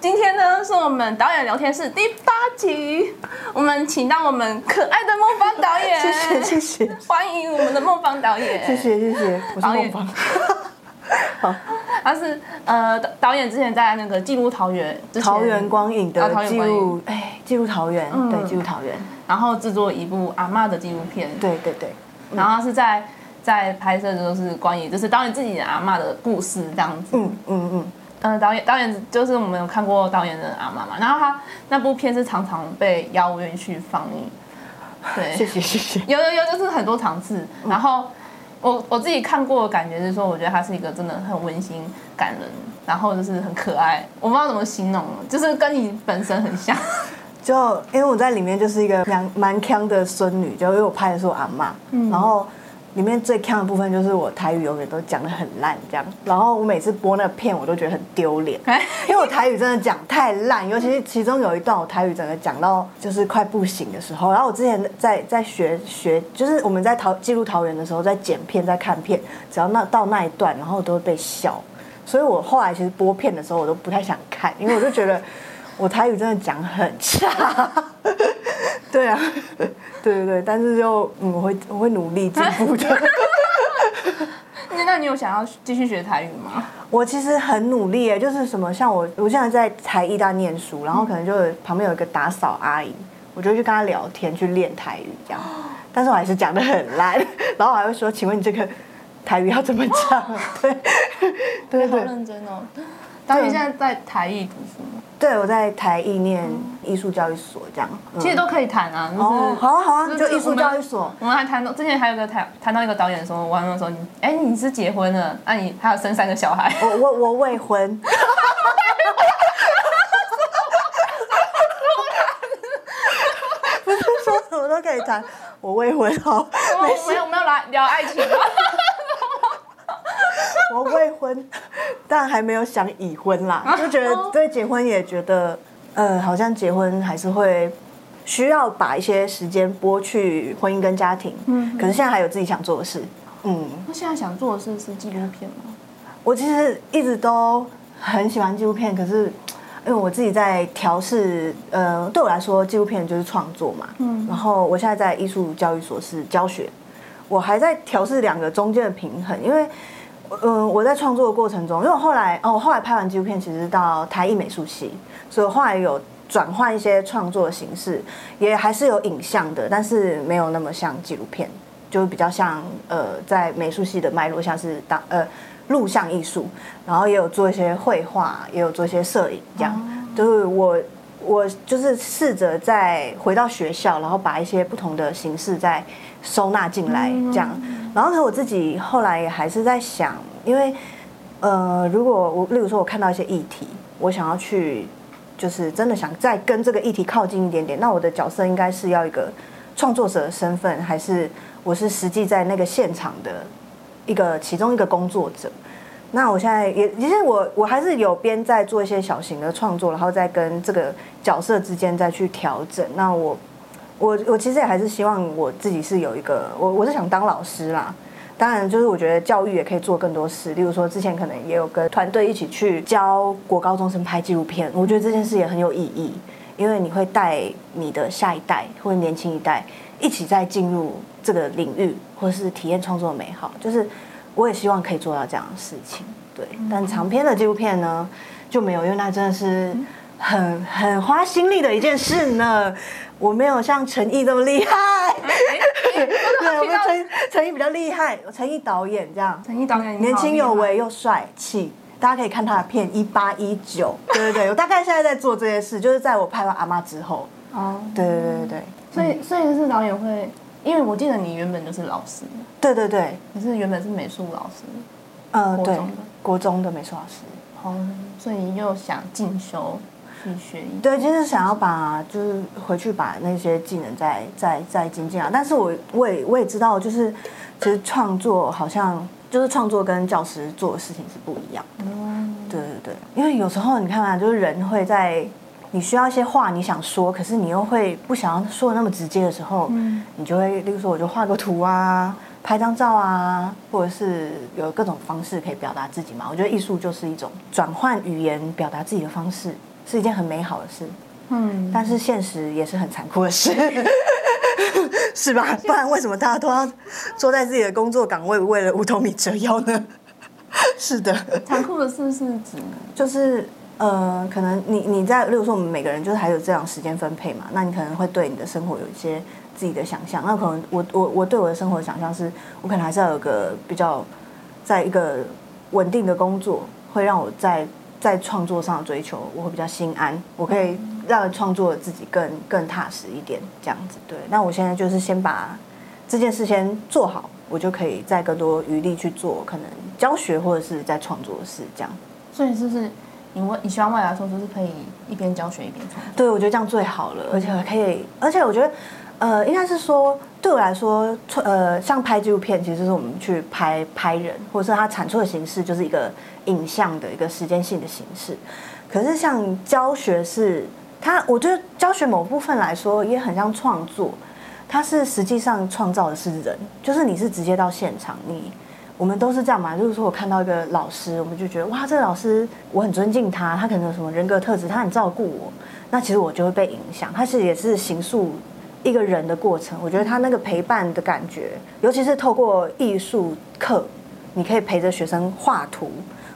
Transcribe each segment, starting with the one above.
今天呢，是我們導演聊天室第八集。我們請到我們可愛的孟芳導演，謝謝謝，謝歡迎我們的孟芳導演，謝謝謝謝，謝謝演我是孟芳。他是呃導，導演之前在那個記錄桃園，桃園光影的記錄，啊、桃源源哎，記錄桃園，嗯、對，記錄桃園，然後製作一部阿嬤的紀錄片，對對對，嗯、然後是在在拍攝，的時候是關於就是導演自己的阿嬤的故事這樣子，嗯嗯嗯。嗯嗯嗯，導演導演就是我們有看過導演的阿嬤嘛，然後她那部片是常常被邀約去放映。對，謝謝謝謝，謝謝有有有，就是很多場次，然後我我自己看過的感覺就是說，我覺得她是一個真的很溫馨感人，然後就是很可愛，我不知道怎麼形容，就是跟你本身很像。就因為我在裡面就是一個蠻蠻嗆的孫女，就因為我拍的是我阿嬤，然後。裡面最坑的部分就是我台語永遠都講的很爛，這樣。然後我每次播那個片，我都覺得很丟臉，因為我台語真的講太爛。尤其是其中有一段，我台語整個講到就是快不行的時候。然後我之前在在學學，就是我們在紀錄桃記錄桃園的時候，在剪片在看片，只要那到那一段，然後都會被笑。所以我後來其實播片的時候，我都不太想看，因為我就覺得我台語真的講很差。 對啊。對對對，但是就、嗯、我會我會努力進步的。那 那你有想要繼續學台語嗎？我其實很努力哎，就是什麼像我，我現在在台藝大念書，然後可能就、嗯、旁邊有一個打掃阿姨，我就去跟她聊天去練台語這樣。但是我還是講得很爛，然後我還會說：“請問你這個台語要怎麼講？”對 對，對對好認真哦。導演現在在台藝讀什麼？對，我在台藝念藝術教育所，這樣、嗯、其實都可以談啊。哦，好啊好啊，就藝、是、術、oh, 就是 oh, oh, 教育所。我們還談到之前還有一個談談到一個導演說，我還剛剛說你，哎、欸，你是結婚了？那、啊、你還有生三個小孩？我我我未婚。不是說什麼都可以談，我未婚哈，好我沒事，我沒有我沒有來聊聊愛情。我未婚，但還沒有想已婚啦，就覺得對結婚也覺得，嗯、呃，好像結婚還是會需要把一些時間撥去婚姻跟家庭。嗯哼，可是現在還有自己想做的事。嗯，那、啊、現在想做的事是紀錄片嗎？我其實一直都很喜歡紀錄片，可是因為我自己在調適，呃，對我來說，紀錄片就是創作嘛。嗯，然後我現在在藝術教育所是教學，我還在調適兩個中間的平衡，因為。嗯，我在創作的過程中，因為我後來哦，我後來拍完紀錄片，其實到台藝美術系，所以我後來有轉換一些創作的形式，也還是有影像的，但是沒有那麼像紀錄片，就比較像呃，在美術系的脈絡像是當呃錄像藝術，然後也有做一些繪畫，也有做一些攝影，這樣就是我我就是試着再回到學校，然後把一些不同的形式再收納進來，這樣。嗯嗯嗯然後呢，我自己後來也還是在想，因為，呃，如果我，例如說，我看到一些議題，我想要去，就是真的想再跟這個議題靠近一點點，那我的角色應該是要一個創作者的身份，還是我是實際在那個現場的一個其中一個工作者？那我現在也，其實我我還是有邊在做一些小型的創作，然後再跟這個角色之間再去調整。那我。我我其實也還是希望我自己是有一個我我是想當老師啦，當然就是我覺得教育也可以做更多事，例如說之前可能也有跟團隊一起去教國高中生拍紀錄片，我覺得這件事也很有意義，因為你會帶你的下一代或者年輕一代一起再進入這個領域或者是體驗創作的美好，就是我也希望可以做到這樣的事情，對。但長篇的紀錄片呢就沒有，因為那真的是。很很花心力的一件事呢，我沒有像陳毅這麼厲害，欸，對，欸，我， 對我們陳陳毅比較厲害，陳毅導演這樣，陳毅導演年輕有為又帥氣，大家可以看他的片《一八一九》，對對對，我大概現在在做這些事，就是在我拍完《阿媽》之後，哦，對對對，所以所以是導演會，因為我記得你原本就是老師，對對對，你是原本是美術老師，呃，對。國中的美術老師，哦，所以又想進修。學對，就是想要把，就是回去把那些技能再、再、再精進啊。但是我，我也，我也知道，就是，就是其實創作好像就是創作跟教師做的事情是不一樣。的。哇對對對，因為有時候你看啊，就是人會在你需要一些話你想說，可是你又會不想要說得那麼直接的時候，嗯、你就會，例如說，我就畫個圖啊，拍張照啊，或者是有各種方式可以表達自己嘛。我覺得藝術就是一種轉換語言表達自己的方式。是一件很美好的事，嗯，但是現實也是很殘酷的事， 是吧？不然為什麼大家都要坐在自己的工作崗位，為了五斗米折腰呢？ 是的，殘酷的事是指就是呃，可能你你在，例如說我們每個人就是還有這樣時間分配嘛，那你可能會對你的生活有一些自己的想象。那可能我我我對我的生活的想象是，我可能還是要有個比較在一個穩定的工作，會讓我在。在創作上的追求，我會比較心安，我可以讓創作自己更更踏實一點，這樣子。對，那我現在就是先把這件事先做好，我就可以再更多餘力去做可能教學或者是在創作的事這樣。所以就是，是你你希望未來來說，就是可以一邊教學一邊創作？對，我覺得這樣最好了，而且還可以，而且我覺得。呃，應該是說，對我來說，呃，像拍紀錄片，其實是我們去拍拍人，或者是它產出的形式，就是一個影像的一個時間性的形式。可是像教學是，他，我覺得教學某部分來說，也很像創作，它是實際上創造的是人，就是你是直接到現場，你我們都是這樣嘛。就是說我看到一個老師，我們就覺得哇，這個老師我很尊敬他，他可能有什麼人格特質，他很照顧我，那其實我就會被影響。他其實也是形塑一個人的過程，我覺得他那個陪伴的感覺，尤其是透過藝術課，你可以陪着學生畫圖，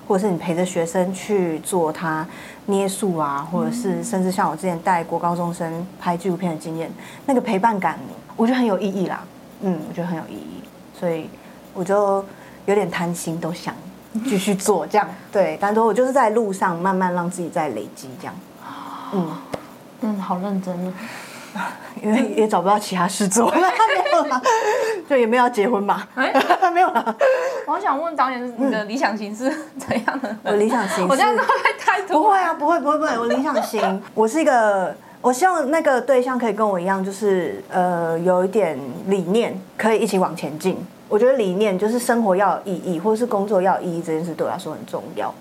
或者是你陪着學生去做他捏塑啊，或者是甚至像我之前帶國高中生拍紀錄片的經驗，嗯、那個陪伴感，我覺得很有意義啦。嗯，我覺得很有意義，所以我就有點貪心，都想繼續做這樣。 對，但說我就是在路上慢慢讓自己在累積這樣。嗯嗯，好認真、哦。因為也找不到其他事做。對， 沒有了，就也沒有要結婚嘛？欸、 沒有了。我好想問導演，你的理想型是怎樣的呢？我的理想型，我現在會不會太多？不會啊，不會，不會，不會。我理想型， 我是一個，我希望那個對象可以跟我一樣，就是呃，有一點理念，可以一起往前進。我覺得理念就是生活要有意義，或者是工作要有意義，這件事對我來說很重要。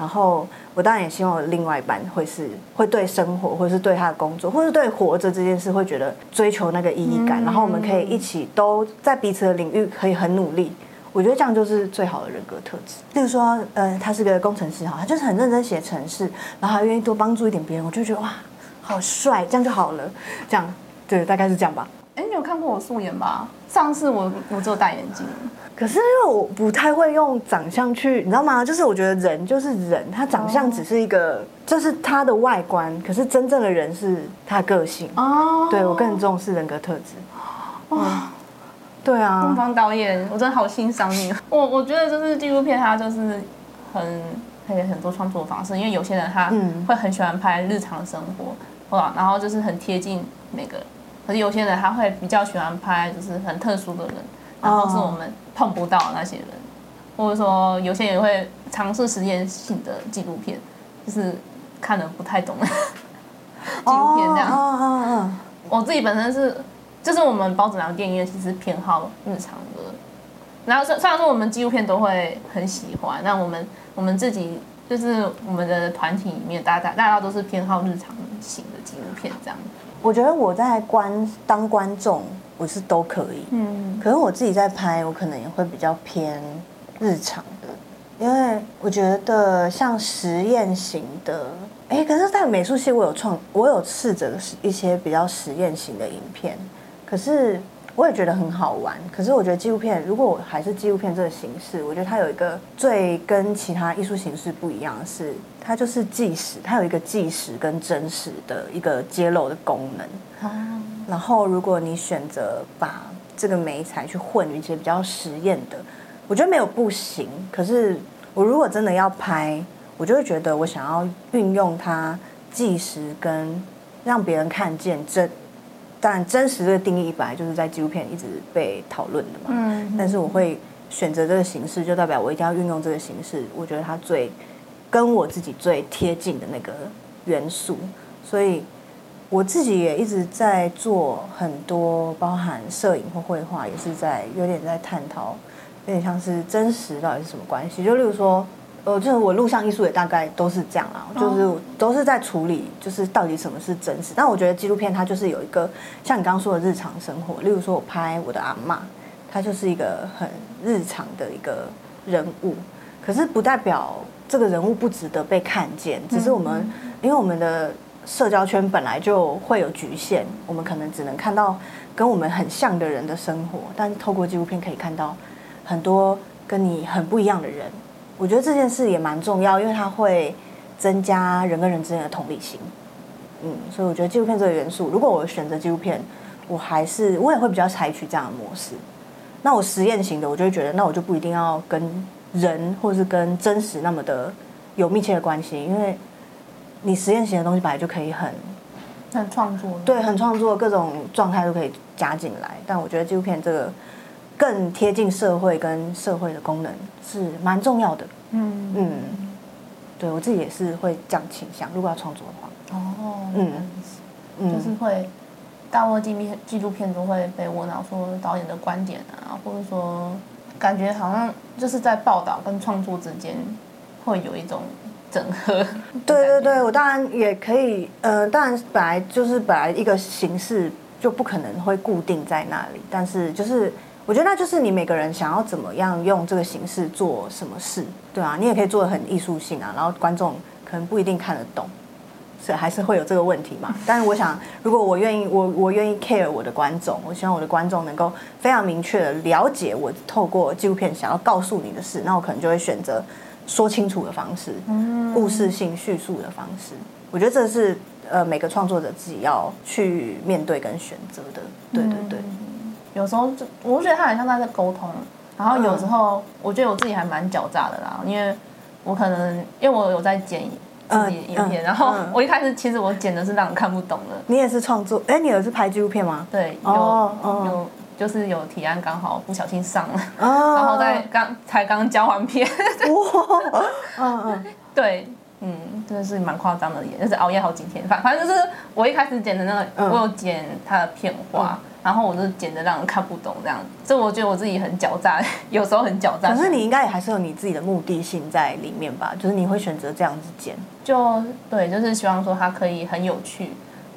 然後我當然也希望另外一半會是會對生活，或者是對他的工作，或是對活着這件事，會覺得追求那個意義感。然後我們可以一起都在彼此的領域可以很努力。我覺得這樣就是最好的人格特質。例如說，呃，他是個工程師哈，他就是很認真寫程式，然後他願意多幫助一點別人，我就覺得哇，好帥，這樣就好了。這樣，對，大概是這樣吧。欸、你有看過我素顏吧？上次我我只有戴眼鏡，可是因為我不太會用長相去，你知道嗎？就是我覺得人就是人，他長相只是一個，哦、就是他的外觀，可是真正的人是他的個性。哦，對我更重視人格特質。哦，嗯、對啊，孟芳導演，我真的好欣賞你。 我我覺得就是紀錄片，它就是很有很多創作方式，因為有些人他會很喜歡拍日常生活，哇、嗯，然後就是很貼近那個。可是有些人他會比較喜歡拍，就是很特殊的人，然後是我們碰不到的那些人，oh. 或者說有些人會嘗試實驗性的紀錄片，就是看的不太懂，紀錄片這樣。Oh. 我自己本身是，就是我們孢子囊電影院其實偏好日常的，然後雖雖然說我們紀錄片都會很喜歡，那我們我們自己就是我們的團體裡面，大家大家都是偏好日常型的紀錄片這樣。我覺得我在觀當觀眾，我是都可以。嗯，可是我自己在拍，我可能也會比較偏日常的，因為我覺得像實驗型的，哎、欸，可是在美術系，我創，我有創，我有試着一些比較實驗型的影片，可是，我也覺得很好玩，可是我覺得紀錄片，如果我還是紀錄片這個形式，我覺得它，有一個最跟其他藝術形式不一樣的是，它就是紀實。它有一個紀實跟真實的一個揭露的功能。嗯、然後如果你選擇把這個媒材去混一些比較實驗的，我覺得沒有不行。可是我如果真的要拍，我就會覺得我想要運用它紀實跟讓別人看見真。當然，但真實這個定義本來就是在紀錄片一直被討論的嘛。嗯，但是我會選擇這個形式，就代表我一定要運用這個形式。我覺得它最跟我自己最貼近的那個元素，所以我自己也一直在做很多，包含攝影或繪畫，也是在有點在探討，有點像是真實到底是什麼關係。就例如說。呃，就是我錄像藝術也大概都是這樣啦，就是都是在處理，就是到底什麼是真實。但我覺得紀錄片它就是有一個像你剛剛說的日常生活，例如說我拍我的阿嬤，她就是一個很日常的一個人物，可是不代表這個人物不值得被看見，只是我們因為我們的社交圈本來就會有局限，我們可能只能看到跟我們很像的人的生活，但透過紀錄片可以看到很多跟你很不一樣的人。我覺得這件事也蠻重要，因為它會增加人跟人之間的同理心。嗯，所以我覺得紀錄片這個元素，如果我選擇紀錄片，我還是我也會比較採取這樣的模式。那我實驗型的，我就會覺得，那我就不一定要跟人，或是跟真實那麼的有密切的關係，因為你實驗型的東西本來就可以很很創作，對，很創作，各種狀態都可以加進來。但我覺得紀錄片這個。更貼近社會跟社會的功能是蠻重要的。嗯嗯，對我自己也是會這樣傾向。如果要創作的話，哦，嗯，嗯就是會大，大部分紀錄片都會被窩囊說導演的觀點啊，或者說感覺好像就是在報道跟創作之間會有一種整合。對對對，我當然也可以，呃，當然本來就是本來一個形式就不可能會固定在那裡，但是就是。我覺得那就是你每個人想要怎麼樣用這個形式做什麼事，對啊。你也可以做的很藝術性啊然後觀眾可能不一定看得懂，所以還是會有這個問題嘛。但是我想，如果我願意，我我願意 care 我的觀眾，我希望我的觀眾能夠非常明確的了解我透過紀錄片想要告訴你的事，那我可能就會選擇說清楚的方式，嗯，故事性敘述的方式。我覺得這是呃每個創作者自己要去面對跟選擇的，對對對。嗯有時候就，我覺得他很像在在溝通，然後有時候我覺得我自己還蠻狡詐的啦，嗯、因為我可能因為我有在剪自己的影片，嗯嗯、然後我一開始其實我剪的是讓人看不懂的。你也是創作，哎、欸，你有是拍紀錄片嗎？對，有哦哦哦哦哦有，就是有提案，剛好不小心上了，哦哦哦然後在剛才剛交完片。 哇，嗯，嗯對，嗯，真的是蠻誇張的，也、就是熬夜好幾天，反反正就是我一開始剪的那個，嗯、我有剪他的片花。嗯然後我就剪的讓人看不懂這樣，這我覺得我自己很狡詐，有時候很狡詐。可是你應該也還是有你自己的目的性在裡面吧？就是你會選擇這樣子剪，就對，就是希望說它可以很有趣，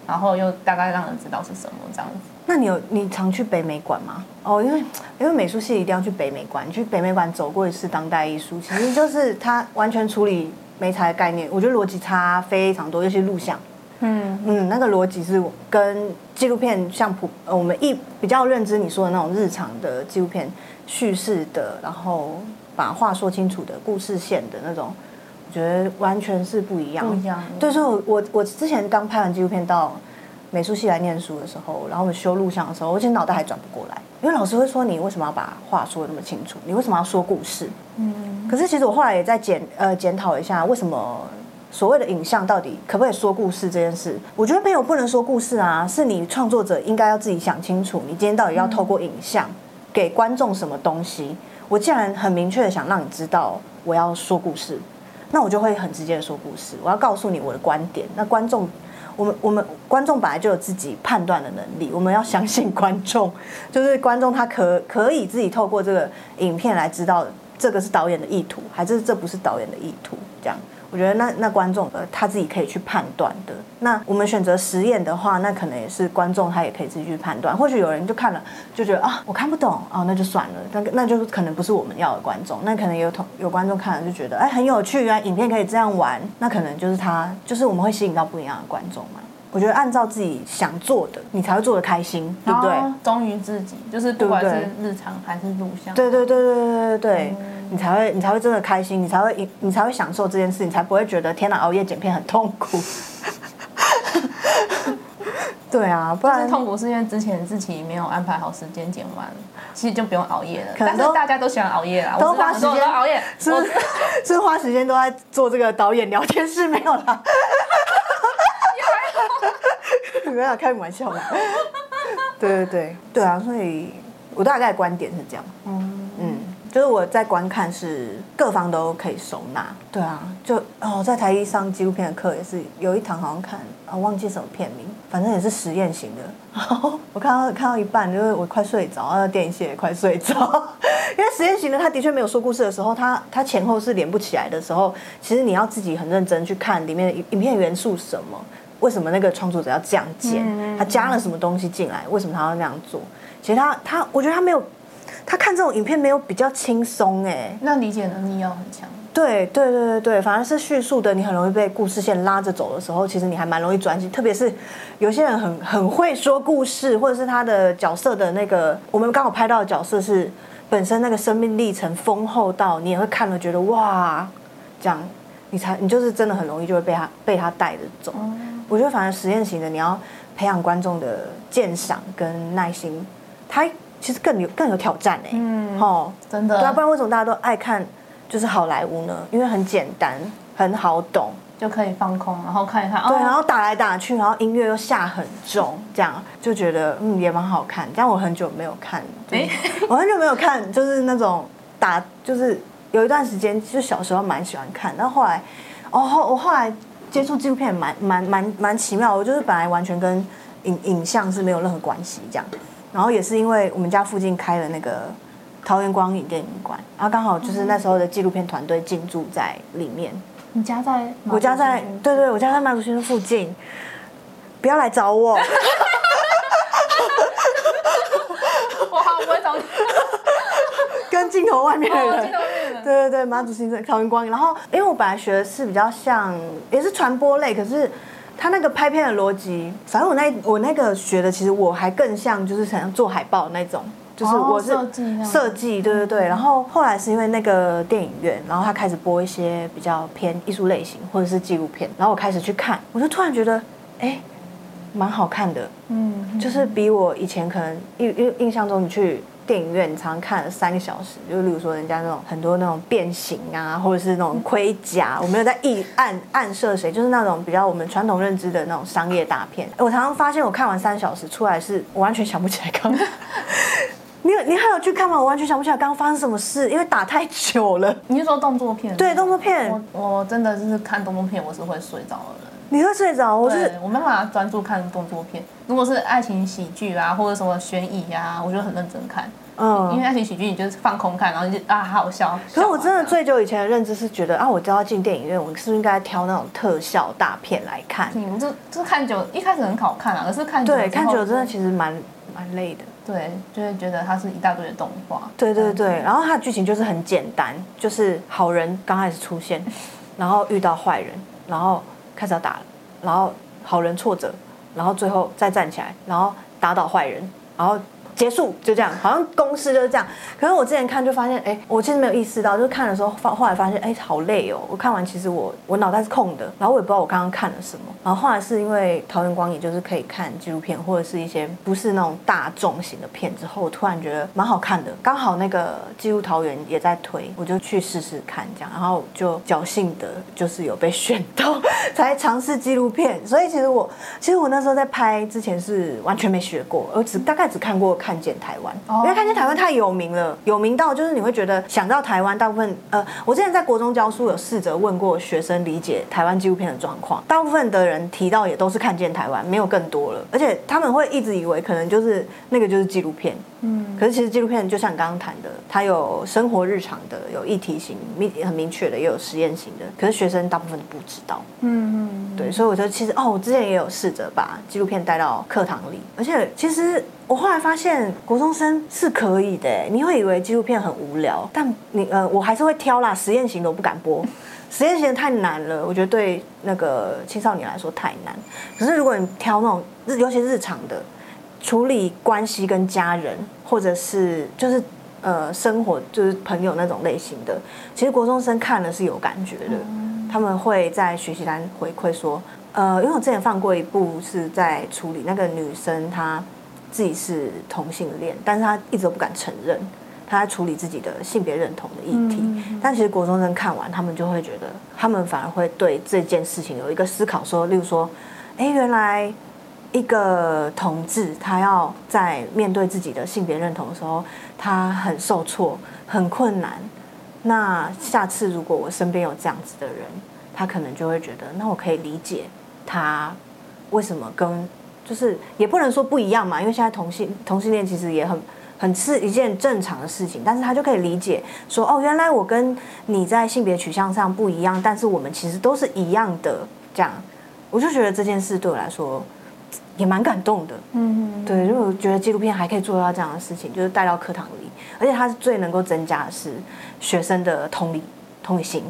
然後又大概讓人知道是什麼這樣子。那你有你常去北美館嗎？哦，因為因為美術系一定要去北美館，你去北美館走過一次當代藝術，其實就是它完全處理媒材的概念，我覺得邏輯差非常多，尤其錄像。嗯嗯，那個邏輯是跟紀錄片像普呃我們一比較認知你說的那種日常的紀錄片敘事的，然後把話說清楚的故事線的那種，我覺得完全是不一樣的。不一樣。對，所以我我之前剛拍完紀錄片到美術系來念書的時候，然後我們修錄像的時候，我其實腦袋還轉不過來，因為老師會說，你為什麼要把話說得那麼清楚？你為什麼要說故事？嗯。可是其實我後來也在檢呃檢討一下為什麼，所謂的影像到底可不可以說故事這件事？我覺得沒有不能說故事啊，是你創作者應該要自己想清楚，你今天到底要透過影像給觀眾什麼東西？我既然很明確的想讓你知道我要說故事，那我就會很直接的說故事。我要告訴你我的觀點。那觀眾，我們我們觀眾本來就有自己判斷的能力，我們要相信觀眾，就是觀眾他可可以自己透過這個影片來知道這個是導演的意圖，還是這不是導演的意圖，這樣。我覺得那那觀眾的他自己可以去判斷的。那我們選擇實驗的話，那可能也是觀眾他也可以自己去判斷。或許有人就看了就覺得啊我看不懂哦、啊，那就算了，那那就是可能不是我們要的觀眾。那可能有同有觀眾看了就覺得哎、欸、很有趣啊，影片可以這樣玩，那可能就是他就是我們會吸引到不一樣的觀眾嘛。我覺得按照自己想做的，你才會做得開心，啊、對不對？忠於自己就是，不管是日常還是錄像，對對,對對對對對對對,對、嗯。你才會，你才會真的開心，你才會，你你才會享受這件事，你才不會覺得天吶，熬夜剪片很痛苦。 對啊，不然是痛苦是因為之前自己沒有安排好時間剪完，其實就不用熬夜了。可能但是大家都喜歡熬夜啊，都花時間我都都熬夜，是可是，是花時間都在做這個導演聊天室沒有啦。有要開玩笑嘛。 對對對對啊，所以我大概的觀點是這樣。嗯。就是我在觀看，是各方都可以收納。對啊，就哦，在台一上紀錄片的課也是有一堂，好像看啊、哦、忘記什麼片名，反正也是實驗型的、哦。我看到看到一半，就是我快睡着，啊，電線也快睡着。 因為實驗型的，他的確沒有說故事的時候，他他前後是連不起來的時候，其實你要自己很認真去看裡面的影片元素什麼，為什麼那個創作者要這樣剪，嗯、他加了什麼東西進來，嗯、為什麼他要那樣做？其實他他，我覺得他沒有。他看這種影片沒有比較輕鬆哎，那理解能力要很強。對對對對對，反而是敘述的，你很容易被故事線拉着走的時候，其實你還蠻容易轉型，特別是有些人很很會說故事，或者是他的角色的那個，我們剛好拍到的角色是本身那個生命歷程豐厚到，你也會看了覺得哇，這樣你才你就是真的很容易就會被他被他帶着走。嗯，我覺得反正實驗型的，你要培養觀眾的鑑賞跟耐心，他。其實更有更有挑戰哎，嗯，吼，真的，對啊，不然為什麼大家都愛看就是好萊塢呢？因為很簡單，很好懂，就可以放空，然後看一看，對，哦，然後打來打去，然後音樂又下很重，這樣就覺得嗯也蠻好看。但我很久沒有看，哎，我很久沒有看，就是那種打，就是有一段時間就小時候蠻喜歡看，然後後來，哦，後我後來接觸紀錄片蠻蠻蠻蠻奇妙，我就是本來完全跟影影像是沒有任何關係這樣。然後也是因為我們家附近開了那個桃園光影電影館，然後剛好就是那時候的紀錄片團隊進駐在裡面。嗯、你家在？我家在，對對，我家在馬祖新村附近。不要來找我！ 我哇，我不會找你！ 跟鏡頭外面的人，好好鏡頭對對對，馬祖新村桃園光影。然後，因為我本來學的是比較像，也是傳播類，可是。他那個拍片的邏輯，反正我那我那個學的，其實我還更像就是想要做海報那種，就是我是設計，設計，對對對。然後後來是因為那個電影院，然後他開始播一些比較偏藝術類型或者是紀錄片，然後我開始去看，我就突然覺得，哎、欸，蠻好看的，嗯，就是比我以前可能印印印象中你去。電影院常常看了三個小時，就例如說人家那種很多那種變形啊，或者是那種盔甲，我沒有在意暗暗射誰，就是那種比較我們傳統認知的那種商業大片。我常常發現我看完三小時出來是我完全想不起來剛剛 你你還有去看嗎？我完全想不起來剛剛發生什麼事，因為打太久了。你是說動作片？對，動作片。我我真的就是看動作片，我是會睡着的人。你會睡着？我是我沒辦法專注看動作片。如果是愛情喜劇啊，或者什麼懸疑啊，我就很認真看。嗯，因為愛情喜劇，你就是放空看，然後你就啊，好笑。笑可是我真的最久以前的認知是覺得啊，我知道要進電影院，我是不是應該挑那種特效大片來看？你們這這看久，一開始很好看啊，可是看久了對，看久了真的其實蠻蠻累的。對，就會覺得它是一大堆的動畫。對，對對對，嗯、然後它的劇情就是很簡單，就是好人剛開始出現，然後遇到壞人，然後開始要打，然後好人挫折，然後最後再站起來，然後打倒壞人，然後。結束就這樣，好像公式就是這樣。可是我之前看就發現，哎、欸，我其實沒有意識到，就是看的時候，發，後來發現，哎、欸，好累哦。我看完其實我我腦袋是空的，然後我也不知道我剛剛看了什麼。然後後來是因為桃園光影就是可以看紀錄片或者是一些不是那種大眾型的片之後，我突然覺得蠻好看的。剛好那個紀錄桃園也在推，我就去試試看這樣，然後就僥幸的，就是有被選到才嘗試紀錄片。所以其實我其實我那時候在拍之前是完全沒學過，而只大概只看過。看見台灣，因為看見台灣太有名了，有名到就是你會覺得想到台灣，大部分呃，我之前在國中教書有試着問過學生理解台灣紀錄片的狀況，大部分的人提到也都是看見台灣，沒有更多了，而且他們會一直以為可能就是那個就是紀錄片。嗯，可是其實紀錄片就像你剛剛談的，它有生活日常的，有議題型明也很明確的，也有實驗型的。可是學生大部分都不知道。嗯，嗯，對，所以我覺得其實哦，我之前也有試着把紀錄片帶到課堂裡，而且其實我後來發現國中生是可以的。你會以為紀錄片很無聊，但你呃我還是會挑啦，實驗型的我不敢播， 實驗型的太難了，我覺得對那個青少年來說太難。可是如果你挑那種日尤其是日常的。處理關係跟家人，或者是就是呃生活就是朋友那種類型的，其實國中生看了是有感覺的，他們會在學習單回饋說，呃，因為我之前放過一部是在處理那個女生她自己是同性戀，但是她一直都不敢承認，她在處理自己的性別認同的議題，嗯、但其實國中生看完，他們就會覺得，他們反而會對這件事情有一個思考，說，例如說，哎、欸，原來。一個同志，他要在面對自己的性別認同的時候，他很受挫，很困難。那下次如果我身邊有這樣子的人，他可能就會覺得，那我可以理解他為什麼跟就是也不能說不一樣嘛，因為現在同性同性戀其實也很很是一件正常的事情，但是他就可以理解說，哦，原來我跟你在性別取向上不一樣，但是我們其實都是一樣的。這樣，我就覺得這件事對我來說。也蠻感動的嗯哼，嗯，對。因為我覺得紀錄片還可以做到這樣的事情，就是帶到課堂裡，而且它是最能夠增加的是學生的同理、同理心。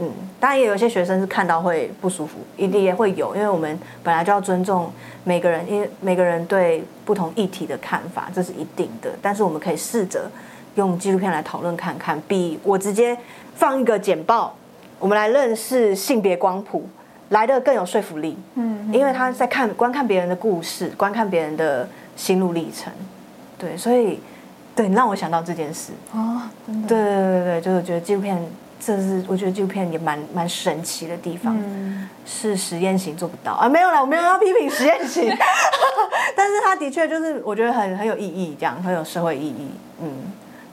嗯，當然也有些學生是看到會不舒服，一定也會有，因為我們本來就要尊重每個人，因為每個人對不同議題的看法，這是一定的。但是我們可以試着用紀錄片來討論看看，比如我直接放一個簡報，我們來認識性別光譜。來的更有說服力，嗯，嗯，因為他在看觀看別人的故事，觀看別人的心路歷程，對，所以，對，你讓我想到這件事哦，對對對，就是我覺得紀錄片，這是我覺得紀錄片也蠻蠻神奇的地方，嗯、是實驗型做不到啊，沒有了，我沒有要批評實驗型， 但是他的確就是我覺得很很有意義，這樣很有社會意義，嗯，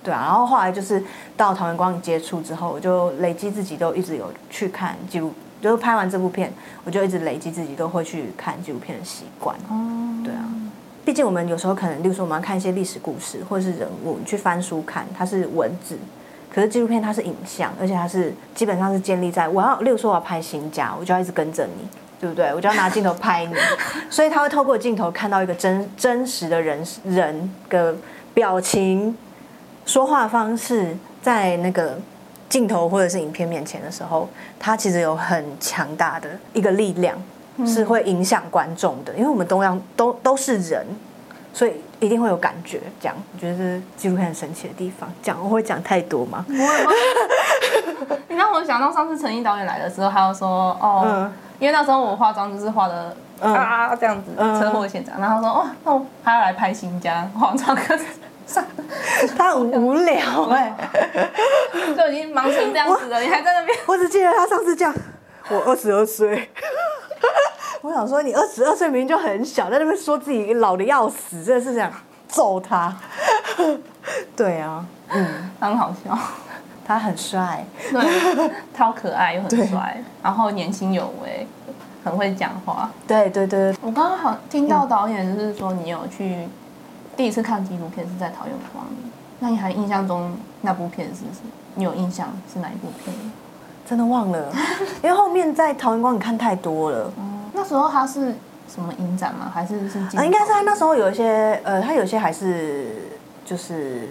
對啊，然後後來就是到桃園光影接觸之後，我就累積自己都一直有去看紀錄。就是拍完這部片，我就一直累積自己都會去看紀錄片的習慣。哦，對啊，畢竟我們有時候可能，例如說我們要看一些歷史故事或者是人物，去翻書看，它是文字，可是紀錄片它是影像，而且它是基本上是建立在我要，例如說我要拍新家，我就要一直跟着你，對不對？我就要拿鏡頭拍你，所以他會透過鏡頭看到一個真真實的人人的表情、說話方式，在那個。鏡頭或者是影片面前的時候，它其實有很強大的一個力量，是會影響觀眾的。因為我們東都樣都都是人，所以一定會有感覺這樣。講，我覺得是紀錄片很神奇的地方。講，我會講太多嗎？不會嗎？你讓我想到上次陳義導演來的時候，他要說哦，嗯、因為那時候我化妝就是化的，嗯、啊，這樣子車禍現場，嗯、然後他說哦，那我還要來拍欣家化妝。他很無聊哎、欸，都已經忙成這樣子了，我你還在那邊？我只記得他上次叫我二十二歲。 我想說，你二十二歲明明就很小，在那邊說自己老的要死，真的是想揍他。對啊，嗯，很好笑，他很帥、欸，超可愛又很帥，對然後年輕有為，很會講話。對對對，我剛剛好聽到導演就是說，你有去。第一次看紀錄片是在桃園光的。那你還印象中那部片是什麼？你有印象是哪一部片？真的忘了， 因為後面在桃園光你看太多了。嗯、那時候他是什麼影展嗎？還是是片、呃？應該是他那時候有一些呃，他有些還是就是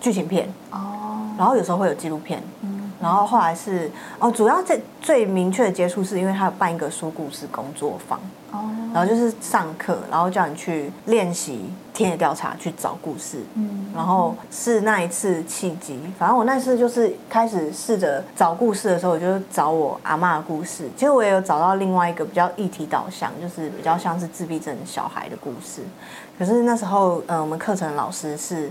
劇情片、嗯、哦，然後有時候會有紀錄片。嗯然後後來是哦，主要最最明確的接觸是因為他有辦一個書故事工作坊，哦、然後就是上課，然後叫你去練習田野調查，嗯、去找故事，嗯，然後是那一次契機。反正我那次就是開始試着找故事的時候，我就找我阿嬤的故事。其實我也有找到另外一個比較議題導向，就是比較像是自閉症小孩的故事。可是那時候，嗯，我們課程老師是。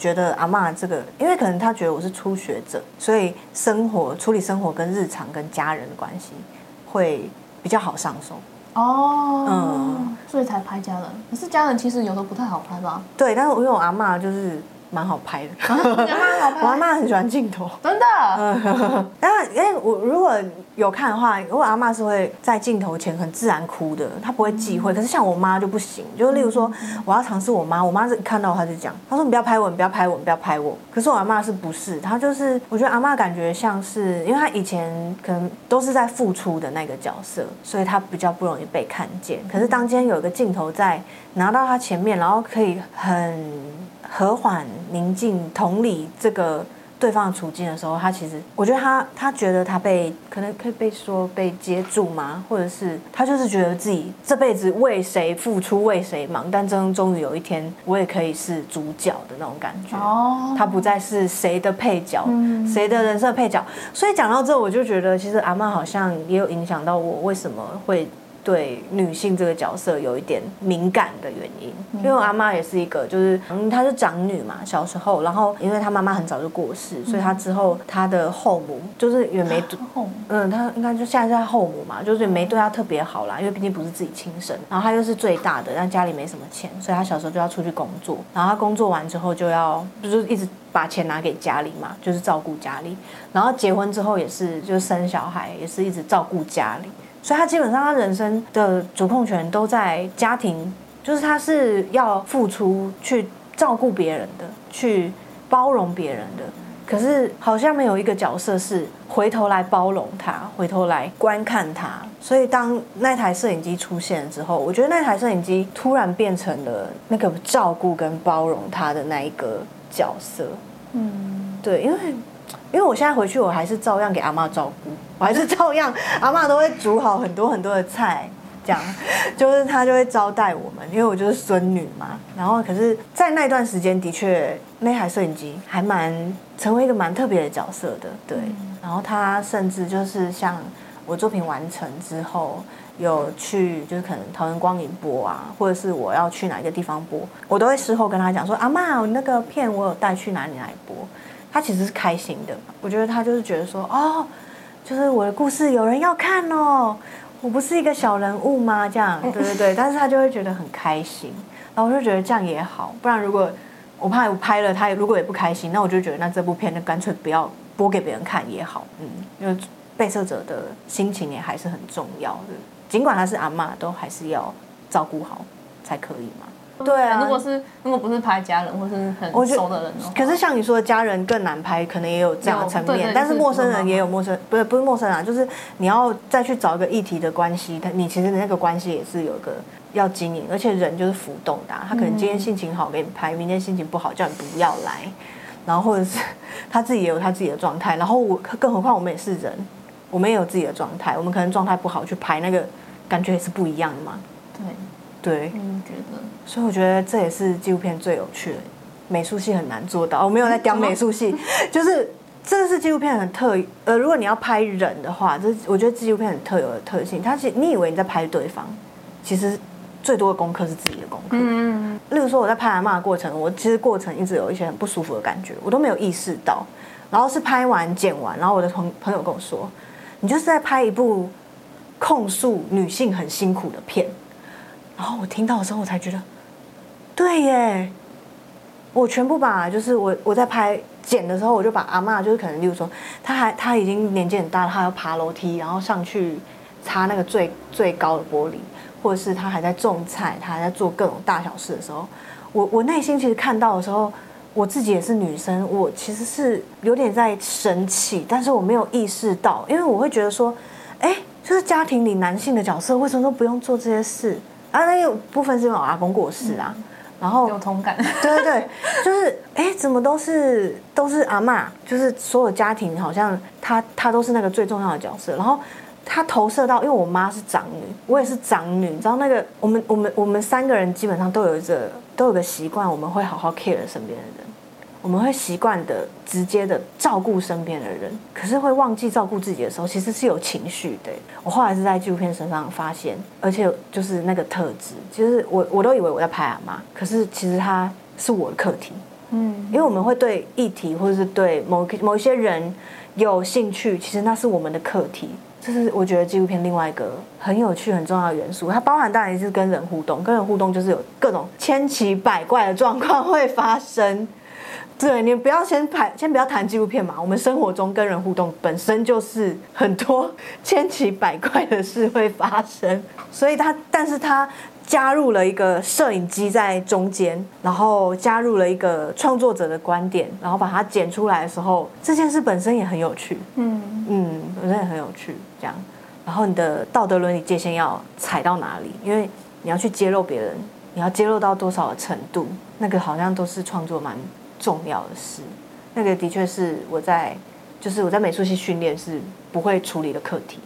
覺得阿媽這個，因為可能他覺得我是初學者，所以生活處理生活跟日常跟家人的關係會比較好上手哦，嗯，所以才拍家人。可是家人其實有的不太好拍吧？對，但是因為我阿媽就是。蠻好拍的 好拍， 我阿嬤很喜歡鏡頭，真的。因為，我如果有看的話，如果阿嬤是會在鏡頭前很自然哭的，她不會忌諱。可是像我媽就不行，就例如說我要嘗試我媽，我媽是看到她就講，她說你不要拍我，你不要拍我，你不要拍我。可是我阿嬤是不是？她就是，我覺得阿嬤感覺像是因為她以前可能都是在付出的那個角色，所以她比較不容易被看見。可是當今天有一個鏡頭在拿到她前面，然後可以很。和緩、寧靜、同理這個對方的處境的時候，他其實，我覺得他他覺得他被可能可以被說被接住嗎？或者是他就是覺得自己這輩子為誰付出、為誰忙，但終終於有一天，我也可以是主角的那種感覺。哦，oh. 他不再是誰的配角，誰的人設配角。嗯、所以講到這，我就覺得其實阿嬤好像也有影響到我，為什麼會。對女性這個角色有一點敏感的原因，感因為我阿嬤也是一個，就是、嗯、她是長女嘛，小時候，然後因為她媽媽很早就過世，嗯、所以她之後她的後母就是也沒後母嗯，她應該就現在是她後母嘛，就是也沒對她特別好啦，因為畢竟不是自己親生。然後她又是最大的，但家裡沒什麼錢，所以她小時候就要出去工作。然後她工作完之後就要就是一直把錢拿給家裡嘛，就是照顧家裡。然後結婚之後也是，就是生小孩也是一直照顧家裡。所以，他基本上他人生的主控權都在家庭，就是他是要付出去照顧別人的，去包容別人的。可是，好像沒有一個角色是回頭來包容他，回頭來觀看他。所以，當那台攝影機出現之後，我覺得那台攝影機突然變成了那個照顧跟包容他的那一個角色。嗯，對，因為。因為我現在回去，我還是照樣給阿嬤照顧，我還是照樣阿嬤都會煮好很多很多的菜，這樣，就是她就會招待我們，因為我就是孫女嘛。然後可是，在那段時間的確，那台攝影機還蠻成為一個蠻特別的角色的，對。嗯、然後她甚至就是像我作品完成之後，有去就是可能桃園光影播啊，或者是我要去哪一個地方播，我都會事後跟她講說，阿嬤，那個片我有帶去哪裡來播。他其實是開心的，我覺得他就是覺得說，哦，就是我的故事有人要看哦，我不是一個小人物嗎？這樣，對對對。但是他就會覺得很開心，然後我就覺得這樣也好，不然如果我怕我拍了他，如果也不開心，那我就覺得那這部片就乾脆不要播給別人看也好。嗯，因為被攝者的心情也還是很重要，是儘管他是阿嬤，都還是要照顧好才可以嘛。對啊，如果是如果不是拍家人或是很熟的人的，可是像你說的家人更難拍，可能也有這樣的層面。對對，但是陌生人也有陌生，不是不是陌生人啊，就是你要再去找一個議題的關係，但你其實那個關係也是有一個要經營，而且人就是浮動的啊，他可能今天心情好給你拍，明天心情不好叫你不要來，然後或者是他自己也有他自己的狀態，然後我更何況我們也是人，我們也有自己的狀態，我們可能狀態不好去拍那個，感覺也是不一樣的嘛。對。對，嗯、覺得所以我覺得這也是紀錄片最有趣的，美術系很難做到。哦、我沒有在講美術系，嗯嗯嗯、就是這是紀錄片很特呃，如果你要拍人的話，這是我覺得紀錄片很特有的特性。它其實，你以為你在拍對方，其實最多的功課是自己的功課。嗯，嗯例如說我在拍阿嬤的過程，我其實過程一直有一些很不舒服的感覺，我都沒有意識到。然後是拍完剪完，然後我的朋朋友跟我說，你就是在拍一部控訴女性很辛苦的片。然後我聽到的時候，我才覺得，對耶！我全部把，就是我我在拍剪的時候，我就把阿嬤，就是可能，例如說她，她還她已經年紀很大了，她要爬樓梯，然後上去擦那個最最高的玻璃，或者是她還在種菜，她還在做各種大小事的時候，我我內心其實看到的時候，我自己也是女生，我其實是有點在生氣，但是我沒有意識到，因為我會覺得說，哎，就是家庭裡男性的角色為什麼都不用做這些事？啊，那有部分是因為我阿公過世啊，嗯、然後有同通感。對 對對，就是哎，怎麼都是都是阿嬤，就是所有家庭好像她她都是那個最重要的角色。然後她投射到，因為我媽是長女，我也是長女，嗯、你知道那個我們我們我們三個人基本上都有一個都有個習慣，我們會好好 care 身邊的人。我們會習慣的直接的照顧身邊的人，可是會忘記照顧自己的時候，其實是有情緒的、欸。我後來是在紀錄片身上發現，而且就是那個特質，就是我我都以為我在拍阿嬤，可是其實他是我的課題。嗯，因為我們會對議題或者是對某某一些人有興趣，其實那是我們的課題。這、就是我覺得紀錄片另外一個很有趣、很重要的元素。它包含，當然，是跟人互動，跟人互動就是有各種千奇百怪的狀況會發生。對，你不要先拍先不要談紀錄片嘛。我們生活中跟人互動本身就是很多千奇百怪的事會發生，所以他但是他加入了一個攝影機在中間，然後加入了一個創作者的觀點，然後把它剪出來的時候，這件事本身也很有趣。嗯嗯，本身也很有趣。這樣，然後你的道德倫理界限要踩到哪裡？因為你要去揭露別人，你要揭露到多少的程度？那個好像都是創作蠻。重要的是，那個的確是我在，就是我在美術系訓練是不會處理的課題。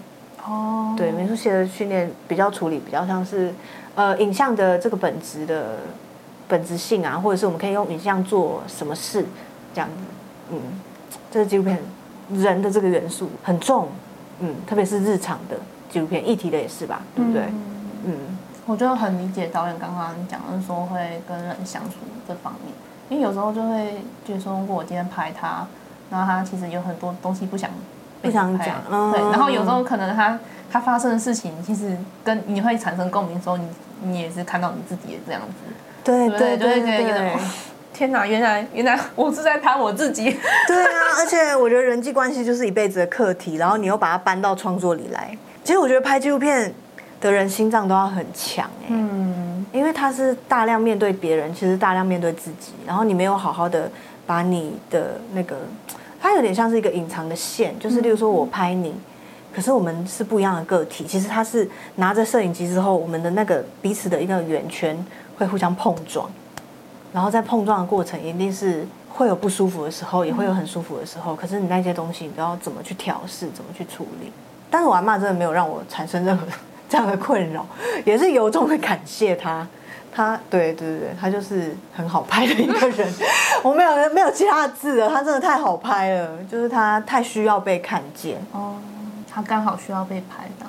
哦，對，美術系的訓練比較處理比較像是，呃，影像的這個本質的本質性啊，或者是我們可以用影像做什麼事這樣子。嗯，這、就是紀錄片人的這個元素很重，嗯，特別是日常的紀錄片，議題的也是吧，對不對？嗯，嗯，我覺得很理解導演剛剛講的說會跟人相處這方面。因為有時候就會覺得說，如果我今天拍他，然後他其實有很多東西不想不想講，對。嗯、然後有時候可能他他發生的事情，其實跟你會產生共鳴的時候你，你你也是看到你自己的這樣子，對對對對，天哪，原來原來我是在拍我自己。對啊， 而且我覺得人際關係就是一輩子的課題，然後你又把它搬到創作裡來。其實我覺得拍紀錄片的人心臟都要很強欸嗯，因為他是大量面對別人，其實大量面對自己，然後你沒有好好的把你的那個，它有點像是一個隱藏的線，就是例如說我拍你，可是我們是不一樣的個體，其實他是拿着攝影機之後，我們的那個彼此的一個圓圈會互相碰撞，然後在碰撞的過程，一定是會有不舒服的時候，也會有很舒服的時候，可是你那些東西，你都要怎麼去調適，怎麼去處理？但是我阿嬤真的沒有讓我產生任何。非常的困擾，也是由衷的感謝他。他，對對對，他就是很好拍的一個人。 我沒有沒有其他的字了，他真的太好拍了，就是他太需要被看見。哦，他剛好需要被拍到。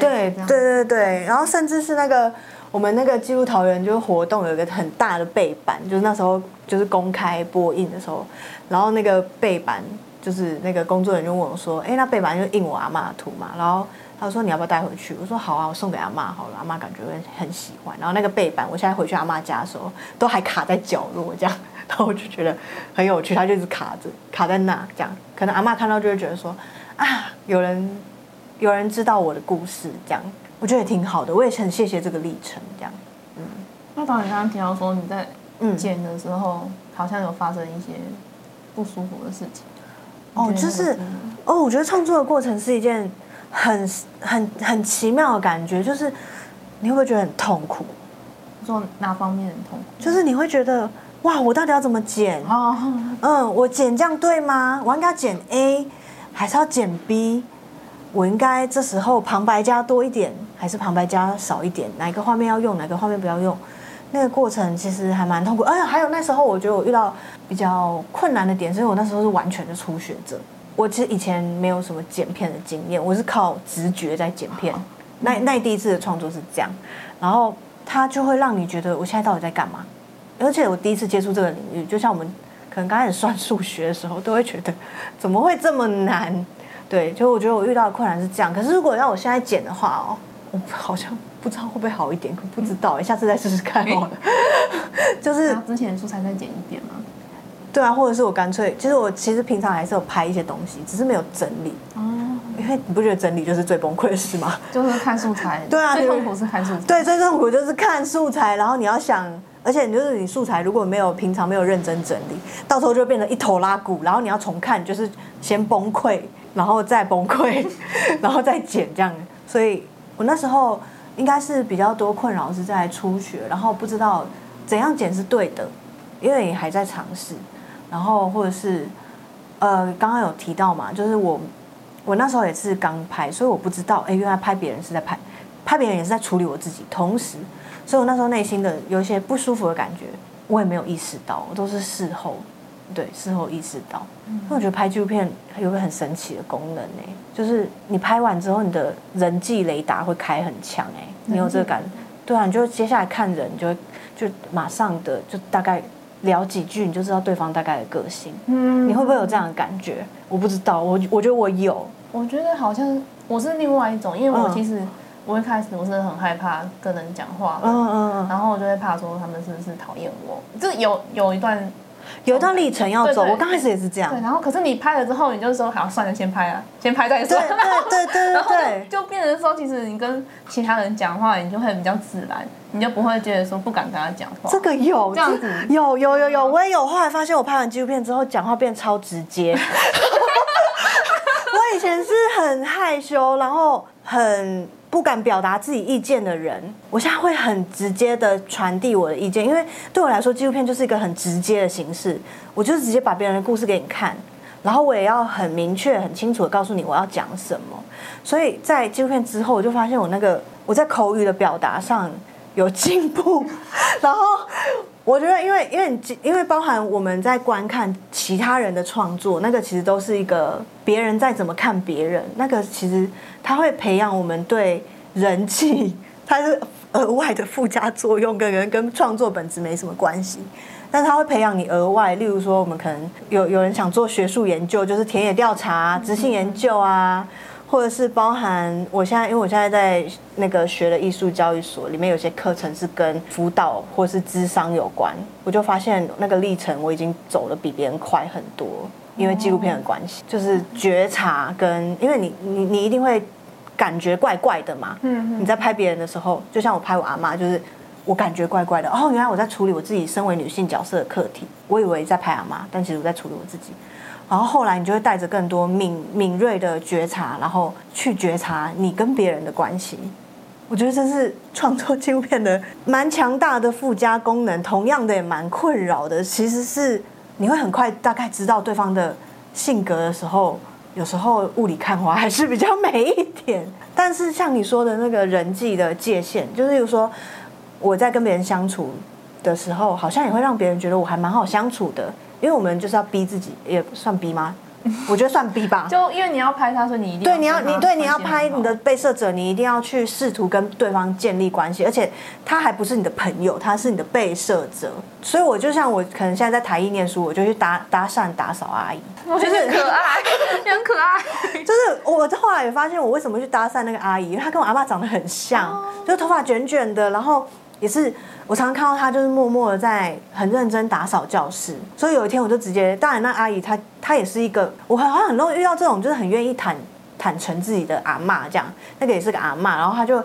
對對對。對，然後甚至是那個我們那個紀錄桃園就是活動有一個很大的背板，就是那時候就是公開播映的時候，然後那個背板就是那個工作人員就問我說：“哎，那背板就印我阿嬤的圖嘛？”然後。他說：“你要不要帶回去？”我說：“好啊，我送給阿嬤好了，阿嬤感覺會很喜歡。”然後那個背板，我現在回去阿嬤家的時候，都還卡在角落這樣，然後我就覺得很有趣，它就一直卡着，卡在那這樣。可能阿嬤看到就會覺得說：“啊，有人，有人知道我的故事。”這樣，我覺得也挺好的，我也很謝謝這個歷程。這樣，嗯。那導演剛剛提到說你在剪的時候，好像有發生一些不舒服的事情。哦，就是哦，我覺得創作的過程是一件。很很很奇妙的感覺，就是你會不會覺得很痛苦？做哪方面很痛苦？就是你會覺得哇，我到底要怎麼剪？哦、嗯，我剪這樣對嗎？我應該要剪 A，還是要剪 B？我應該這時候旁白加多一點，還是旁白加少一點？哪一個畫面要用，哪個畫面不要用？那個過程其實還蠻痛苦。哎呀，還有那時候我覺得我遇到比較困難的點，所以我那時候是完全的初學者。我其實以前沒有什麼剪片的經驗，我是靠直覺在剪片。嗯、那那第一次的創作是這樣，然後它就會讓你覺得我現在到底在幹嘛？而且我第一次接觸這個領域，就像我們可能剛開始算數學的時候，都會覺得怎麼會這麼難？對，就我覺得我遇到的困難是這樣。可是如果讓我現在剪的話哦，我好像不知道會不會好一點，可不知道哎，下次再試試看哦 就是之前的素材再剪一點嘛。對啊，或者是我乾脆，其實我其實平常還是有拍一些東西，只是沒有整理。哦、啊，因為你不覺得整理就是最崩潰的事嗎？就是看素材。對啊，最痛苦是看素材。對，最痛苦就是看素材，然後你要想，而且你就是你素材如果沒有平常沒有認真整理，到時候就變成一頭拉骨，然後你要重看，就是先崩潰，然後再崩潰，然後再剪這樣。所以我那時候應該是比較多困擾是在初學，然後不知道怎樣剪是對的，因為你還在嘗試。然後或者是，呃，剛剛有提到嘛，就是我，我那時候也是剛拍，所以我不知道，哎，原來拍別人是在拍，拍別人也是在處理我自己，同時，所以我那時候內心的有一些不舒服的感覺，我也沒有意識到，我都是事後，對，事後意識到。那、嗯、我覺得拍紀錄片有個很神奇的功能，哎，就是你拍完之後，你的人際雷達會開很強，哎，你有這個感，嗯、對啊，你就接下來看人，你就會就馬上的就大概。聊幾句你就知道對方大概的個性，嗯，你會不會有這樣的感覺？我不知道，我我覺得我有，我覺得好像我是另外一種，因為我其實我一開始我是很害怕跟人講話，嗯，嗯嗯，然後我就會怕說他們是不是討厭我，就有有一段有一段歷程要走。對對對我剛開始也是這樣，對，然後可是你拍了之後，你就說好，算了，先拍了、啊，先拍再算，對對對對對,對然後然後就，就變成說，其實你跟其他人講話，你就會比較自然。你就不會覺得說不敢跟他講話？這個有這樣子，有有有有，我也有。後來發現我拍完紀錄片之後，講話變超直接。 我以前是很害羞，然後很不敢表達自己意見的人，我現在會很直接的傳遞我的意見，因為對我來說，紀錄片就是一個很直接的形式。我就是直接把別人的故事給你看，然後我也要很明確、很清楚的告訴你我要講什麼。所以在紀錄片之後，我就發現我那個我在口語的表達上。有進步，然後我覺得因，因為因為因為包含我們在觀看其他人的創作，那個其實都是一個別人再怎麼看別人，那個其實他會培養我們對人際，它是額外的附加作用，跟跟創作本質沒什麼關係，但是他會培養你額外，例如說我們可能有有人想做學術研究，就是田野調查、執行研究啊。嗯或者是包含我現在，因為我現在在那個學的藝術教育所裡面，有些課程是跟輔導或者是諮商有關，我就發現那個歷程我已經走的比別人快很多，因為紀錄片的關係，就是覺察跟因為你你你一定會感覺怪怪的嘛，嗯，你在拍別人的時候，就像我拍我阿嬤，就是我感覺怪怪的，哦，原來我在處理我自己身為女性角色的課題，我以為在拍阿嬤，但其實我在處理我自己。然後後來你就會帶着更多敏敏銳的覺察，然後去覺察你跟別人的關係。我覺得這是創作紀錄片的蠻強大的附加功能，同樣的也蠻困擾的。其實是你會很快大概知道對方的性格的時候，有時候霧裡看花還是比較美一點。但是像你說的那個人際的界限，就是有時說我在跟別人相處的時候，好像也會讓別人覺得我還蠻好相處的。因為我們就是要逼自己，也算逼嗎？我覺得算逼吧。 就因為你要拍，他說你一定要對你要你對你要拍你的被攝者，你一定要去試圖跟對方建立關係，而且他還不是你的朋友，他是你的被攝者。所以我就像我可能現在在台藝念書，我就去搭搭訕打掃阿姨，就是可愛，很可愛。就是我後來也發現，我為什麼去搭訕那個阿姨，因為她跟我阿爸長得很像，哦、就是頭髮捲捲的，然後。也是，我常常看到他就是默默的在很認真打掃教室，所以有一天我就直接，當然那阿姨她她也是一個，我好像很容易遇到這種就是很願意坦坦誠自己的阿嬤這樣，那個也是個阿嬤，然後她就。